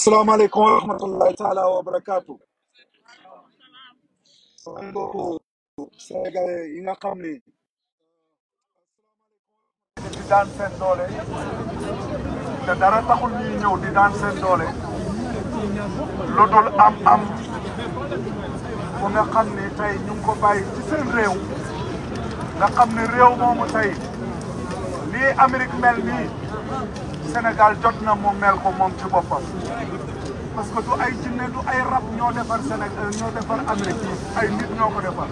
Assalamu alaikum wa rahmatullahi ta'ala xam ni di daan seen doole te am am bu nga ni tey ñu ko bàyyi ci seen réew ni réew moomu tey lii Amérique mel nii Sénégal jot na mu mel ko moom ci boppam parce que du ay jinne du ay rab ñoo defar Sénégal euh, ñoo defar Amérique ay nit ñoo ko defar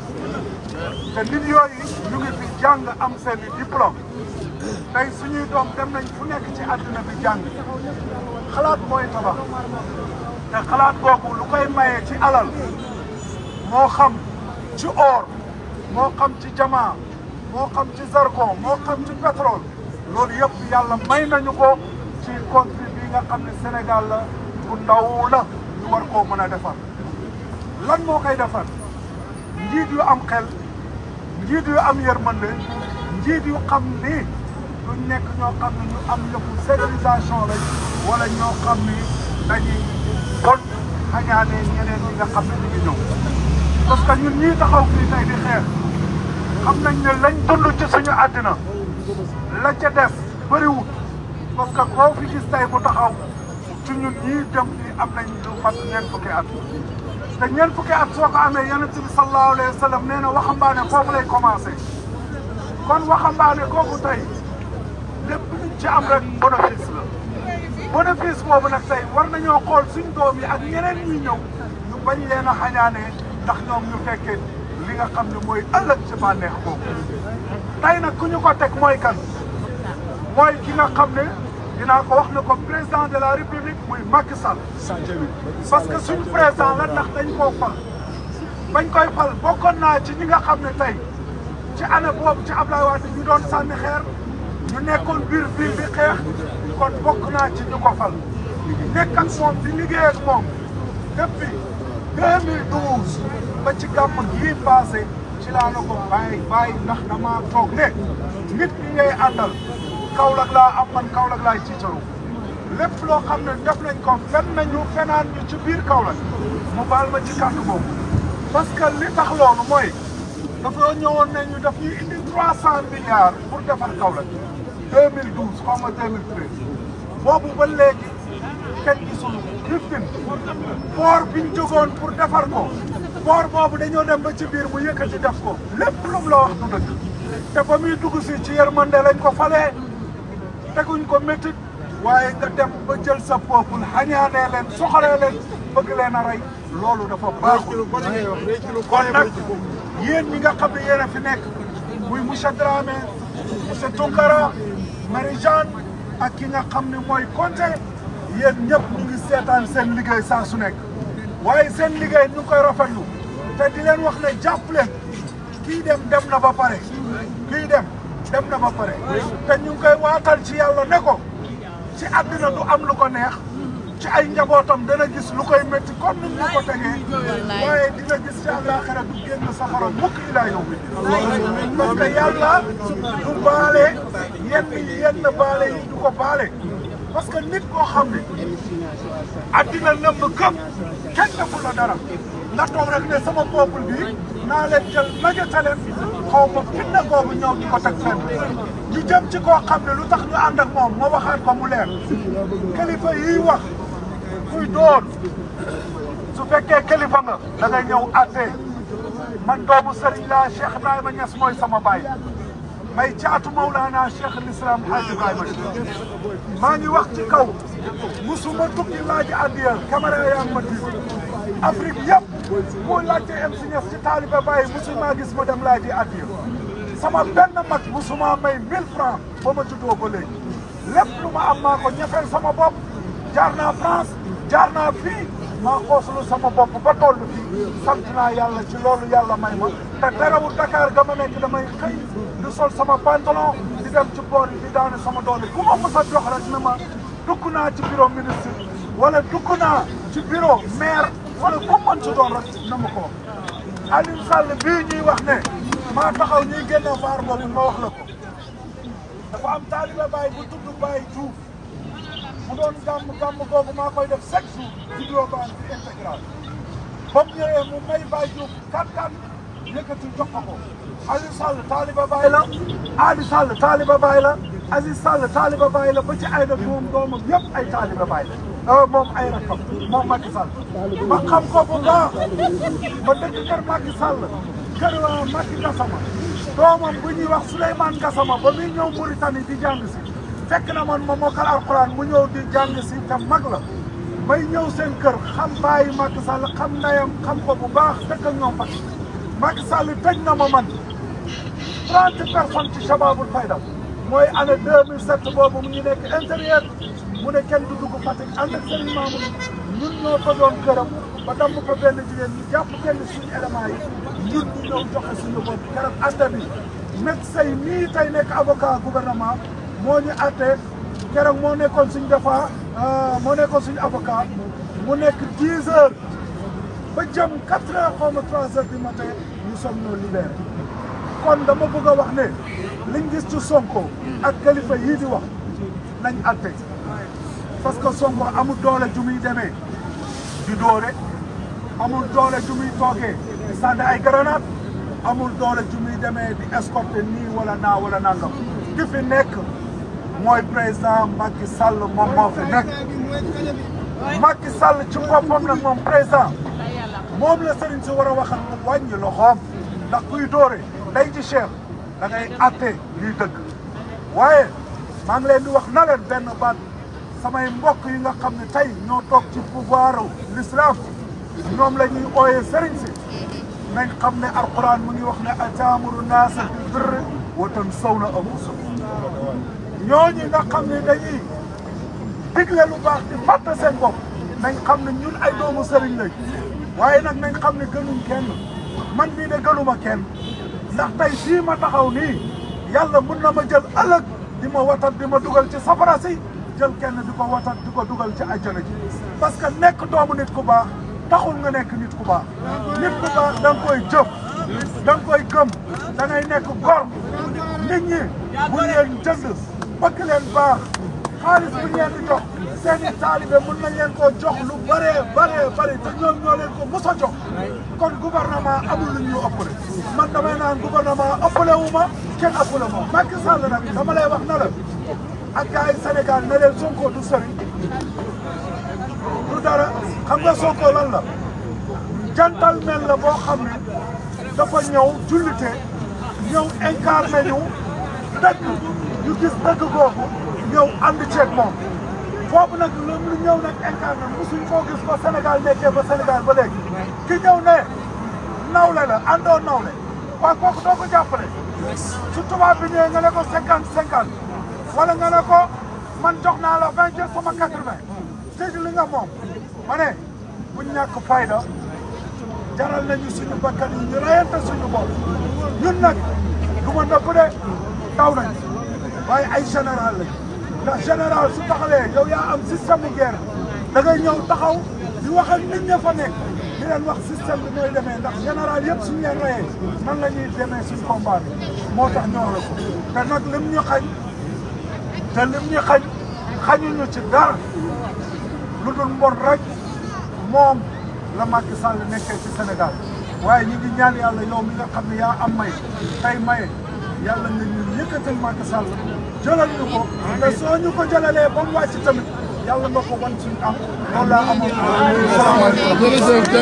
te nit yooyu ñu ngi fi jàng am seen i tey suñuy doom dem nañ fu nekk ci àdduna bi jàng xalaat mooy tabax te xalaat boobu lu koy maye ci alal moo xam ci or moo xam ci jamaa moo xam ci zircon moo xam ci pétrole loolu yëpp yàlla may nañu ko ci contrib bi nga xam ne Sénégal la bu ndaw la ñu war mën a defar lan moo koy defar njiit yu am xel njiit yu am yërmande njiit yu xam ni du nekk ñoo xam ne ñu am yëfu civilisation lañ wala ñoo xam ni dañuy bon xañaane ñeneen ñi nga xam ne ñu ngi ñëw parce que ñun fii tey di xeex xam nañ ne ci suñu àddina la ca def bëriwul parce que koo fi gis tey bu taxaw ci ñun ñii dem ni am nañ lu mat ñeent fukki at te ñeent fukki at soo ko amee yonent bi sallallahu alayhi wa nee na waxambaane foofu lay commencé kon waxambaane kooku tey lépp luñ ci am rek bénéfice la bénéfice boobu nag tey war nañoo xool suñ doom yi ak ñeneen ñuy ñëw ñu bañ leen a xañaane ndax ñoom ñu fekkee li nga xam ne mooy ëllëg ci bànneex boobu tey nag ku ñu ko teg mooy kan mooy ki nga xam ne dinaa ko wax ne ko président de la république muy Macky Sall parce que suñu président la ndax dañ koo fal bañ koy fal bokkoon naa ci ñi nga xam ne tey ci année boobu ci Ablaye Wade ñu doon sànni xeer ñu nekkoon biir ville bi xeex kon bokk naa ci ñu ko fal nekk ak moom di liggéey ak moom depuis 2012 ba ci gàmm gii passé ci laa na ko bàyyi bàyyi ndax damaa foog ne nit ñi ngay àndal Kaolack laa am man Kaolack laay ciicaru lépp loo xam ne def nañ ko fen nañu fenaan ñu ci biir Kaolack mu baal ma ci kàddu boobu parce que li tax loolu mooy dafa ñëwoon ne ñu daf ñuy indi trois cent milliards pour defar Kaolack boobu ba léegi teg ci suuf Rifkin pour defar ko boor boobu dañoo dem ba ci biir mu yëkkati def ko lépp lum la wax du dëgg muy dugg si ci yërmande lañ ko falee teguñ ko métit waaye nga dem ba jël sa peuple xañaanee leen soxalee leen bëgg leen a rey loolu dafa baaxul kon nag yéen ñi nga xam ne yéen a fi nekk muy monsieur Dramé monsieur Tounkara Marie Jeanne ak ki nga xam ne mooy Conté yéen ñëpp ngi seetaan seen liggéey saa su nekk waaye seen liggéey ñu ngi koy rafetlu te di leen wax ne jàpp leen kii dem dem na ba pare kii dem dem na ba pare te ñu ngi koy waatal ci yàlla ne ko ci àddina du am lu ko neex ci ay njabootam dana gis lu koy metti comme ni ñu ko tegee waaye dina gis ci àllaaxira du génn safara mukk ilaa yow parce que yàlla du baale yenn yenn baale yi du ko baale parce que nit koo xam ne addina nëmb këpp kenn deful la dara nga toog rek ne sama peuple bi naa leen jël najotaleen xaw ma fitna googu ñëw di ko teg fenn ñu jëm ci koo xam ne lu tax ñu ànd ak moom moo waxaat ko mu leer kilifa yiy wax kuy doon su fekkee kilifa nga da ngay ñëw àtte man doomu sëriñ laa Cheikh Ibrahima Niass mooy sama baay may caatu Mawlaana Cheikh al Islam Hadj Ibrahima maa ngi wax ci kaw musuma tukki laaj addiya caméra yaa ma tiim Afrique yëpp boo laajte MC Niass ci taaliba Baye musuma gis ma dem laaj addiya sama benn mag musuma may 1000 francs ba ma juddoo ba léegi lépp lu ma am maa ko ñefeel sama bopp jaar France jaar naa maa xoslu sama bopp ba toll fii sant naa yàlla ci loolu yàlla may ma ta terewul Dakar ga ma nekk damay xëy di sol sama pantalon di dem ci boor yi di daane sama doole ku ma mos a jox rek ne ma dugg naa ci bureau ministre wala dugg naa ci bureau maire wala ku mën ci doon rek na ma ko wax. Aliou Sall bii ñuy wax ne maa taxaw ñuy génne vaar boobu ma la ko am taaliba Baye bu tudd Baye Diouf. mu doon gàmm googu maa koy def chaque jour vidéo ko am ci ba mu mu may Baye Diouf kattan yëkkati ko ko Aliou Sall taaliba Aziz Sall taaliba Baye ba ci ay dëkk moom doomam yëpp ay taaliba Baye la euh, moom ay rakam moom Macky Sall ma xam ko bu wax Souleymane Gassama ba muy ñëw Mauritanie di jàng fekk na man ma mokkal alquran mu ñëw di jàng si te mag la may ñëw seen kër xam bàyyi Macky Sall xam ndeyam xam ko bu baax dëkk ak ñoom Fatick Macky Sall na ma man trente personnes ci Shababul Fayda mooy année 2007 boobu mu ngi nekk intérieur mu ne kenn du dugg Fatick ànd ak Serigne Mamour ñun ñoo tëjoon këram ba damm ko benn jigéen ñu jàpp kenn suñu éléments yi ñun ñu ñëw joxe suñu bopp këram ànd bi médecin yi nii tey nekk avocat gouvernement moo ñu àtte keroog moo nekkoon suñ defa euh, moo nekkoon suñu avocat mu nekk dix heures ba jëm quatre heures xaw ma trois heures du matin ñu sommes nos libérés kon dama bëgg a wax ne liñ gis ci Sonko ak kalifa yii di wax nañ àtte parce que Sonko amul doole ju muy demee di doore amul doole ju muy toogee di ay grenade amul doole ju muy demee di escorter nii wala naa wala nangam ki nekk mooy président Macky Sall moom moo fi nekk Macky Sall ci boppam nag moom président moom la Serigne si war a waxal mu wàññi loxoom ndax kuy dóore day ci cheikh da ngay atte liy dëgg waaye maa ngi leen di wax na benn baat samay mbokk yi nga xam ne tey ñoo toog ci pouvoir l'islam ñoom la ñuy ooyee sëriñ si nañ xam ne alquran mu ñuy wax ne atamuru naasa bil birri wa tansawna anfusakum ñooñu nga xam ne dañuy digle lu baax di fàtte seen bopp nañ xam ne ñun ay doomu sëriñ lañ waaye nag nañ xam ne gënuñ kenn man mii de gënuma kenn ndax tey fii ma taxaw nii yàlla mun na ma jël ëllëg di ma watat di ma dugal ci safara si jël kenn di ko watat di ko dugal ci àjjana ji parce que nekk doomu nit ku baax taxul nga nekk nit ku baax nit ku baax da nga nekk góor nit ñi bu leen jënd bëgg leen baax xaalis bu ñu leen di jox seen i taalibe mën nañ leen jox lu bëree bëree bëri te ñoom ñoo leen ko mos a jox kon gouvernement amul lu ñu ëppale man damay naan gouvernement ëppale wu ma kenn ëppale ma Macky Sall nag dama lay wax na la ak gars yi Sénégal ne leen Sonko du sori du dara xam nga Sonko lan la gentleman la boo xam ne dafa ñëw jullite ñëw incarné ñu dëkk ñu gis dëkk googu ñëw ànd ceeg moom foofu nag loom lu ñëw nag incarné mosuñ koo gis ba Sénégal nekkee ba Sénégal ba léegi ki ñëw ne nawle la àndoo nawle waaw kooku doo ko jàppale su tubaab bi ñëwee nga ne ko cinquante cinquante wala nga ne man jox naa la vingt jël sama quatre vingt dégg li nga moom ma ne bu ñàkk fayda jaral nañu suñu bakkan ñu rayante suñu bopp ñun nag du ma de daw nañ waaye ay général général su taxawee yow yaa am système bu guerre da ngay taxaw di wax nit ña fa nekk di leen wax système bi mooy demee ndax général yëpp suñu leen rayee nan la ñuy demee suñu combat bi moo tax ñoo la ko te nag lim ñu xañ te lim xañ xañuñu ci dara lu dul mbon moom la Macky Sall nekkee ci Sénégal waaye ñi ngi ñaan yàlla yow mi nga xam ne yaa am may tey maye yàlla nga ñu yëkkatal Macky Sall jëlal ñu ko te soo ñu ko jëlalee ba mu wàcc tamit yàlla nga ko wan suñu am loolu laa amoon